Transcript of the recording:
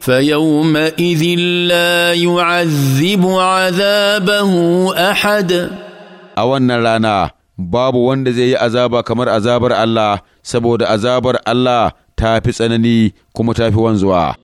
فيومئذ لا يعذب عذابه أحد a wannan rana babu wanda zai yi azaba kamar azabar Allah saboda azabar Allah ta fi tsanani kuma ta fi wanzuwa.